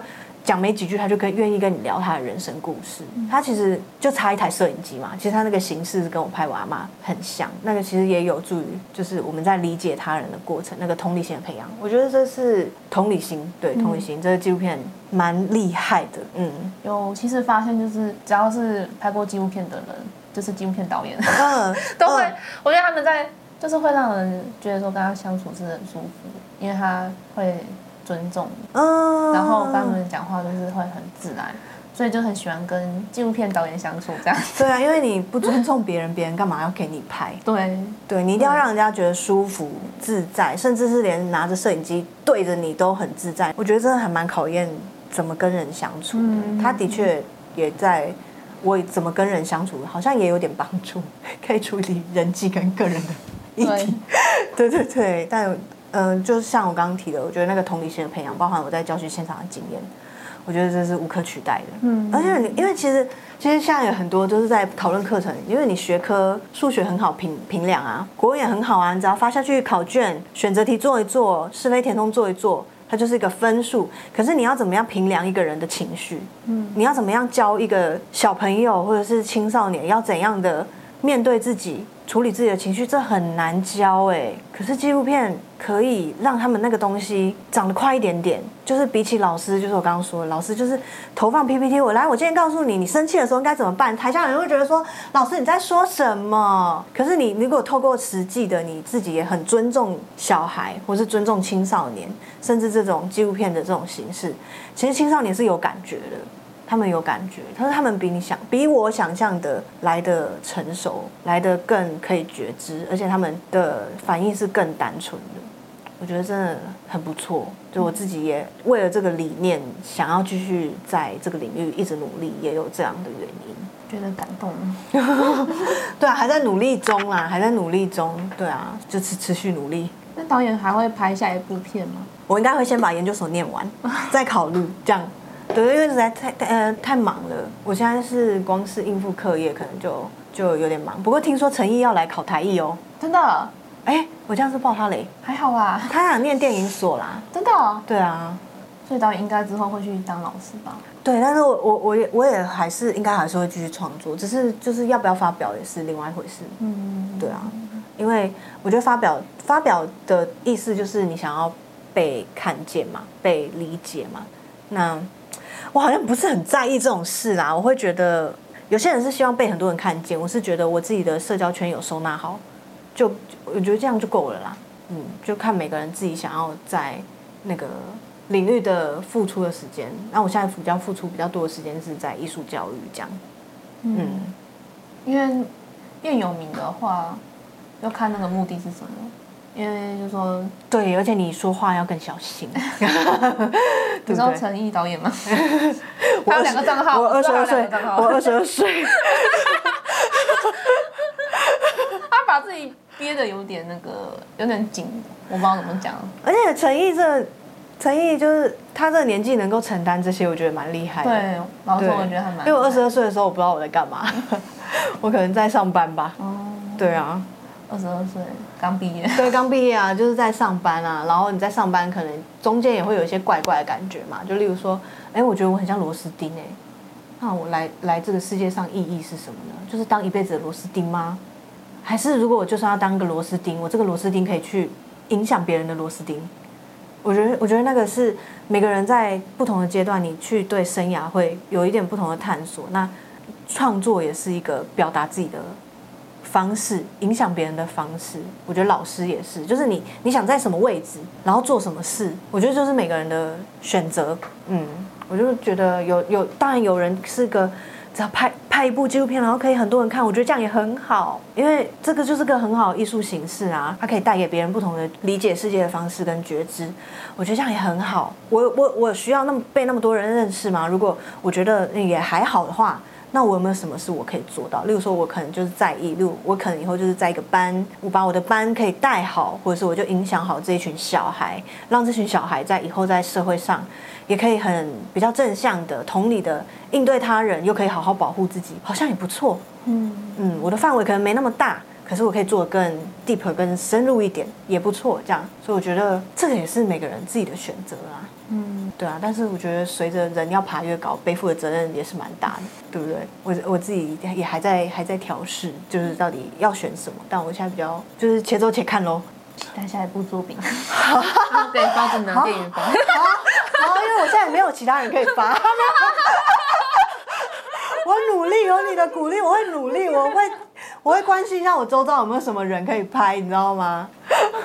講沒幾句，他就跟願意跟你聊他的人生故事。他其實就差一台攝影機嘛。其實他那個形式跟我拍我阿嬤很像，那個其實也有助於，就是我們在理解他人的過程，那個同理心的培養。我覺得這是同理心，對、嗯、同理心，這個紀錄片蠻厲害的。嗯，有其實發現就是，只要是拍過紀錄片的人，就是紀錄片導演，嗯、 都會，嗯、我覺得他們在就是會讓人覺得說跟他相處是很舒服，因為他會。尊重，嗯，然後跟他們講話都是會很自然，所以就很喜歡跟紀錄片導演相處這樣對啊，因為你不尊重別人， 別人幹嘛要給你拍？對，對，你一定要讓人家覺得舒服對自在，甚至是連拿着攝影機對着你都很自在。我覺得真的還蠻考驗怎麼跟人相處的。嗯，他的確也在我怎麼跟人相處，好像也有點幫助，可以處理人際跟個人的議題。對，對，對，對，但。嗯，就是像我剛剛提的，我覺得那個同理心的培養，包含我在教學現場的經驗，我覺得這是無可取代的。嗯，嗯，而且你因為其實其實現在有很多都是在討論課程，因為你學科數學很好評評，評量啊，國文也很好啊，你只要發下去考卷，選擇題做一做，是非填空做一做，它就是一個分數。可是你要怎麼樣評量一個人的情緒？嗯，你要怎麼樣教一個小朋友或者是青少年要怎樣的面對自己？處理自己的情緒，這很難教欸。可是紀錄片可以讓他們那個東西長得快一點點。就是比起老師，就是我剛剛說的，老師就是投放 PPT，我來，我今天告訴你，你生氣的時候應該怎麼辦。台下人會覺得說，老師你在說什麼？可是你如果透過實際的，你自己也很尊重小孩，或是尊重青少年，甚至這種紀錄片的這種形式，其實青少年是有感覺的。他們有感覺，他說他們比你想，比我想象的來得成熟，來得更可以覺知，而且他們的反應是更單純的，我覺得真的很不錯。就我自己也為了這個理念，嗯、想要繼續在這個領域一直努力，也有這樣的原因，覺得感動。 對啊，還在努力中啊，還在努力中。對啊，就持持續努力。那導演還會拍下一部片嗎？我應該會先把研究所念完，再考慮這樣。對，因為實在太呃太忙了，我現在是光是應付課業，可能就就有點忙。不過聽說陳毅要來考台藝哦。真的？哎，我這樣是爆他雷，還好吧？啊？他想念電影所啦。真的？對啊，所以導演應該之後會去當老師吧？對，但是我我我也我也還是應該還是會繼續創作，只是就是要不要發表也是另外一回事。嗯，對啊，因為我覺得發表發表的意思就是你想要被看見嘛，被理解嘛，那。我好像不是很在意這種事啦，我會覺得有些人是希望被很多人看見，我是覺得我自己的社交圈有收納好，就,就我覺得這樣就夠了啦。嗯，就看每個人自己想要在那個領域的付出的時間。那、啊、我現在比較付出比較多的時間是在藝術教育這樣。嗯,嗯，因為變有名的話，要看那個目的是什麼。因為就是說，對，而且你說話要更小心。 對對，你知道陳毅導演嗎？他有兩個賬號，我二十二歲，我二十二歲。歲 他把自己憋得有點那個，有點緊，我不知道怎麼講。而且陳毅這個，陳毅就是他這個年紀能夠承擔這些，我覺得蠻厲害的。對，然後我覺得還蠻厲害……因為我二十二歲的時候，我不知道我在幹嘛， 我可能在上班吧。哦、嗯，對啊，二十二歲。剛畢業，對，剛畢業啊，就是在上班啊。然後你在上班，可能中間也會有一些怪怪的感覺嘛。就例如說，哎，我覺得我很像螺絲釘哎，那我來來這個世界上意義是什麼呢？就是當一輩子的螺絲釘嗎？還是如果我就是要當個螺絲釘，我這個螺絲釘可以去影響別人的螺絲釘？我覺得，我覺得那個是每個人在不同的階段，你去對生涯會有一點不同的探索。那創作也是一個表達自己的方式影響別人的方式，我覺得老師也是，就是你你想在什麼位置，然後做什麼事，我覺得就是每個人的選擇。嗯，我就覺得有有，當然有人是個只要拍拍一部紀錄片，然後可以很多人看，我覺得這樣也很好，因為這個就是個很好的藝術形式啊，它可以帶給別人不同的理解世界的方式跟覺知，我覺得這樣也很好。我我我需要那麼被那麼多人認識嗎？如果我覺得也還好的話。那我有沒有什麼事我可以做到？例如說，我可能就是在一路，例如我可能以後就是在一個班，我把我的班可以帶好，或者是我就影響好這一群小孩，讓這群小孩在以後在社會上也可以很比較正向的、同理的應對他人，又可以好好保護自己，好像也不錯。嗯嗯，我的範圍可能沒那麼大，可是我可以做的更 deep、更深入一點，也不錯。這樣，所以我覺得這個也是每個人自己的選擇啊。嗯，對啊，但是我覺得隨着人要爬越高，背負的責任也是蠻大的，對不對？我我自己也還在還在調試，就是到底要選什麼。但我現在比較就是且走且看嘍，期待下一部作品。可以、 嗯、發正能量，影發，好，好，好因為我現在沒有其他人可以發。 我努力，有你的鼓勵，我會努力，我會。我會關心一下我周遭有沒有什麼人可以拍，你知道嗎？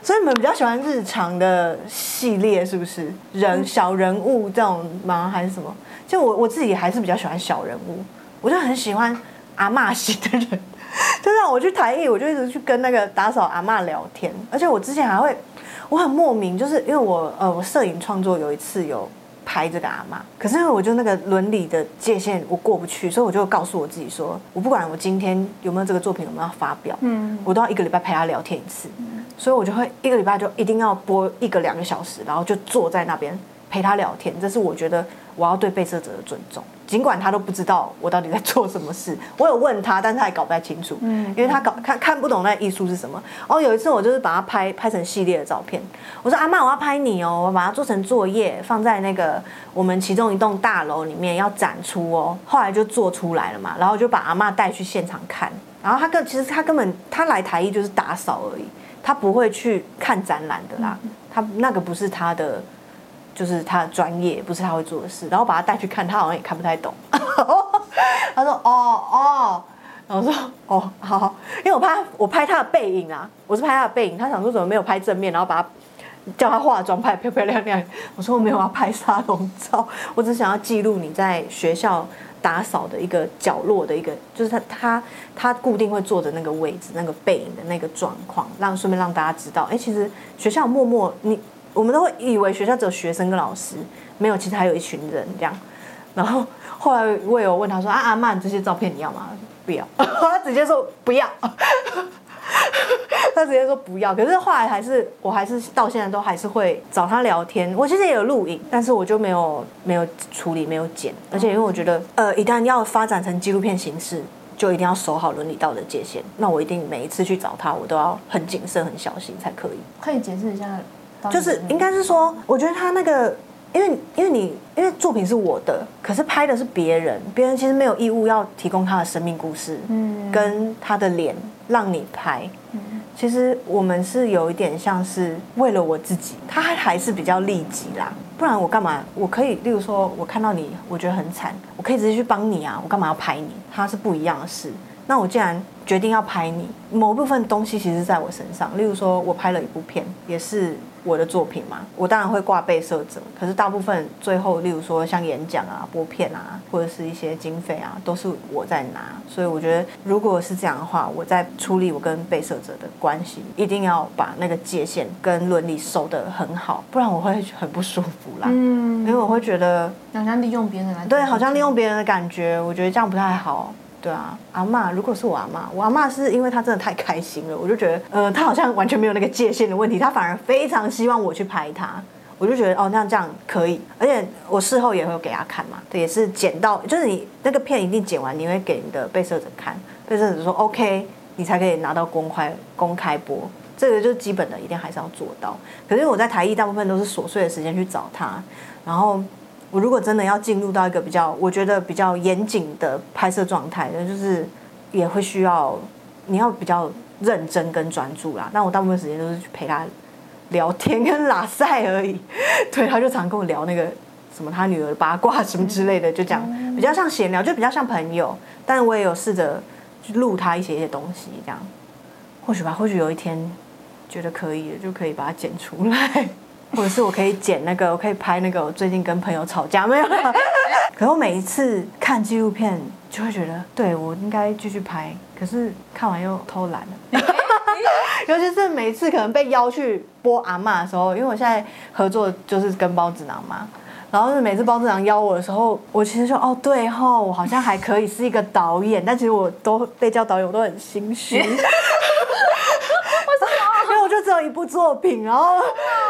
所以你們比較喜歡日常的系列，是不是？人、小人物這種嗎？還是什麼？就我我自己還是比較喜歡小人物，我就很喜歡阿嬤型的人。真的，我去台藝，我就一直去跟那個打掃阿嬤聊天，而且我之前還會，我很莫名，就是因為我呃，我攝影創作有一次有。拍這個阿媽，可是因為我就那個倫理的界限我過不去，所以我就告訴我自己說，我不管我今天有沒有這個作品，有沒有發表，嗯，我都要一個禮拜陪他聊天一次，嗯，所以我就會一個禮拜就一定要播一個兩個小時，然後就坐在那邊陪他聊天，這是我覺得。我要對被攝者的尊重，儘管他都不知道我到底在做什麼事。我有問他，但是他也搞不太清楚，嗯，因為他搞看看不懂那藝術是什麼。哦，有一次我就是把他拍拍成系列的照片，我說阿嬤，我要拍你哦，我把它做成作業，放在那個我們其中一棟大樓裡面要展出哦。後來就做出來了嘛，然後就把阿嬤帶去現場看，然後他跟其實他根本他來台藝就是打掃而已，他不會去看展覽的啦，他那個不是他的。就是他的專業不是他會做的事，然後把他帶去看，他好像也看不太懂。 他說：“哦哦。”然後我說：“哦好，好。”因為我拍我拍他的背影啊，我是拍他的背影。他想說怎麼沒有拍正面，然後把他叫他化妝拍，拍漂漂亮亮。我說我沒有要拍沙龍照，我只想要記錄你在學校打掃的一個角落的一個，就是他他他固定會坐的那個位置，那個背影的那個狀況，讓順便讓大家知道，哎，其實學校默默你，我們都會以為學校只有學生跟老師，沒有其他，有一群人這樣。然後後來我有問他說：“啊阿嬤，這些照片你要嗎？”不要。 他直接說不要。 他直接說不要。可是後來還是，我還是到現在都還是會找他聊天。我其實也有錄影，但是我就沒有沒有處理，沒有剪。而且因為我覺得，呃，一旦要發展成紀錄片形式，就一定要守好倫理道德界限。那我一定每一次去找他，我都要很謹慎、很小心才可以。」可以解釋一下。就是應該是說，我覺得他那個，因為因為你因為作品是我的，可是拍的是別人，別人其實沒有義務要提供他的生命故事，嗯，跟他的臉讓你拍。嗯，其實我們是有一點像是為了我自己，他還還是比較利己啦。不然我幹嘛？我可以，例如說我看到你，我覺得很慘，我可以直接去幫你啊。我幹嘛要拍你？他是不一樣的事。那我既然。決定要拍你某部分東西，其實在我身上。例如說，我拍了一部片，也是我的作品嘛，我當然會掛被攝者。可是大部分最後，例如說像演講啊、播片啊，或者是一些經費啊，都是我在拿。所以我覺得，如果是這樣的話，我在處理我跟被攝者的關係，一定要把那個界限跟倫理守得很好，不然我會很不舒服啦。嗯，因為我會覺得好像利用別人來，對，好像利用別人的感覺，我覺得這樣不太好。對啊，阿嬤，如果是我阿嬤，我阿嬤是因為她真的太開心了，我就覺得，呃，她好像完全沒有那個界限的問題，她反而非常希望我去拍她，我就覺得哦，那樣這樣可以，而且我事後也會給她看嘛，對，也是剪到，就是你那個片一定剪完，你會給你的被攝者看，被攝者說 OK，你才可以拿到公開公開播，這個就是基本的，一定還是要做到。可是因為我在台藝大部分都是瑣碎的時間去找她，然後。我如果真的要進入到一個比較，我覺得比較嚴謹的拍攝狀態，那就是也會需要你要比較認真跟專注啦。但我大部分時間都是去陪他聊天跟喇賽而已，對，他就常跟我聊那個什麼他女兒八卦什麼之類的，就講比較像閒聊，就比較像朋友。但我也有試着去錄他一些一些東西，這樣或許吧，或許有一天覺得可以了，就可以把它剪出來。或者是我可以剪那個，我可以拍那個。我最近跟朋友吵架沒有？ 可是我每一次看紀錄片就會覺得，對我應該繼續拍。可是看完又偷懶了。 尤其是每一次可能被邀去播阿嬤的時候，因為我現在合作就是跟孢子囊嘛。然後是每次孢子囊邀我的時候，我其實說哦對吼、哦，我好像還可以是一個導演。但其實我都被叫導演，我都很心虛。 只有一部作品，然後哇，啊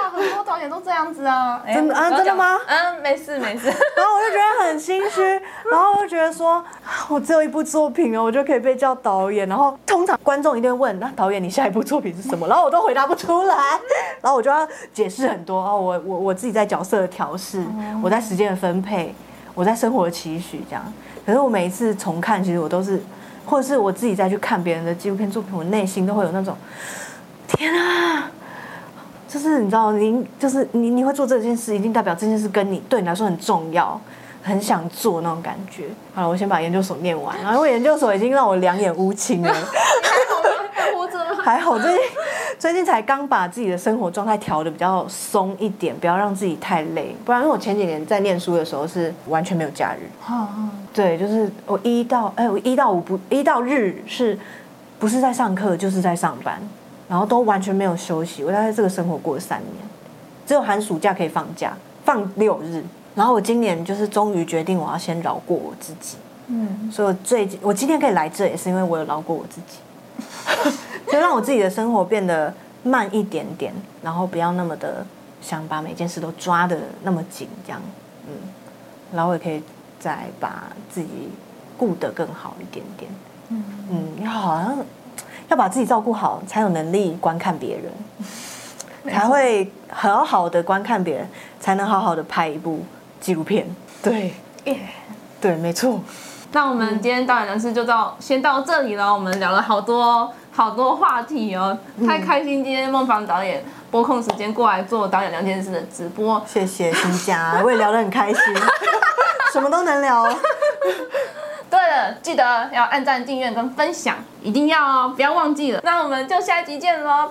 啊、 很多導演都這樣子啊，真的、哎、呀啊真的嗎？嗯，沒事沒事。然後我就覺得很心虛， 然後我就覺得說，啊、我只有一部作品哦，我就可以被叫導演。然後通常觀眾一定會問，那、啊、導演你下一部作品是什麼？然後我都回答不出來， 然後我就要解釋很多哦，我我我自己在角色的調適，嗯、我在時間的分配，我在生活的期許這樣。可是我每一次重看，其實我都是，或者是我自己再去看別人的紀錄片作品，我內心都會有那種。嗯天啊，就是你知道，您就是你，你會做這件事，一定代表這件事跟你對你來說很重要，很想做那種感覺。好了，我先把研究所念完、啊，然因為研究所已經讓我兩眼烏青了。 還好， 還好最，最近最近才剛把自己的生活狀態調的比較鬆一點，不要讓自己太累，不然我前幾年在念書的時候是完全沒有假日。 對，就是我一到哎、欸，我一到五不一到日是不是在上課，就是在上班。然後都完全沒有休息，我在這個生活過了三年，只有寒暑假可以放假，放六日。然後我今年就是終於決定，我要先饒過我自己。嗯，所以我最近我今天可以來，這也是因為我有饒過我自己，就讓我自己的生活變得慢一點點，然後不要那麼的想把每件事都抓得那麼緊這樣。嗯，然後我也可以再把自己顧得更好一點點。嗯嗯，你好像。要把自己照顧好，才有能力觀看別人，錯才會很好，好的觀看別人，才能好好的拍一部紀錄片。對，Yeah. 對，沒錯。那我們今天導演聊天室就到、嗯、先到這裡了。我們聊了好多好多話題哦，嗯、太開心！今天孟芳導演撥空時間過來做導演聊天室的直播，謝謝欣家、啊。我也聊得很開心， 什麼都能聊。 對了，記得要按讚、訂閱跟分享，一定要哦，不要忘記了。那我們就下集見嘍。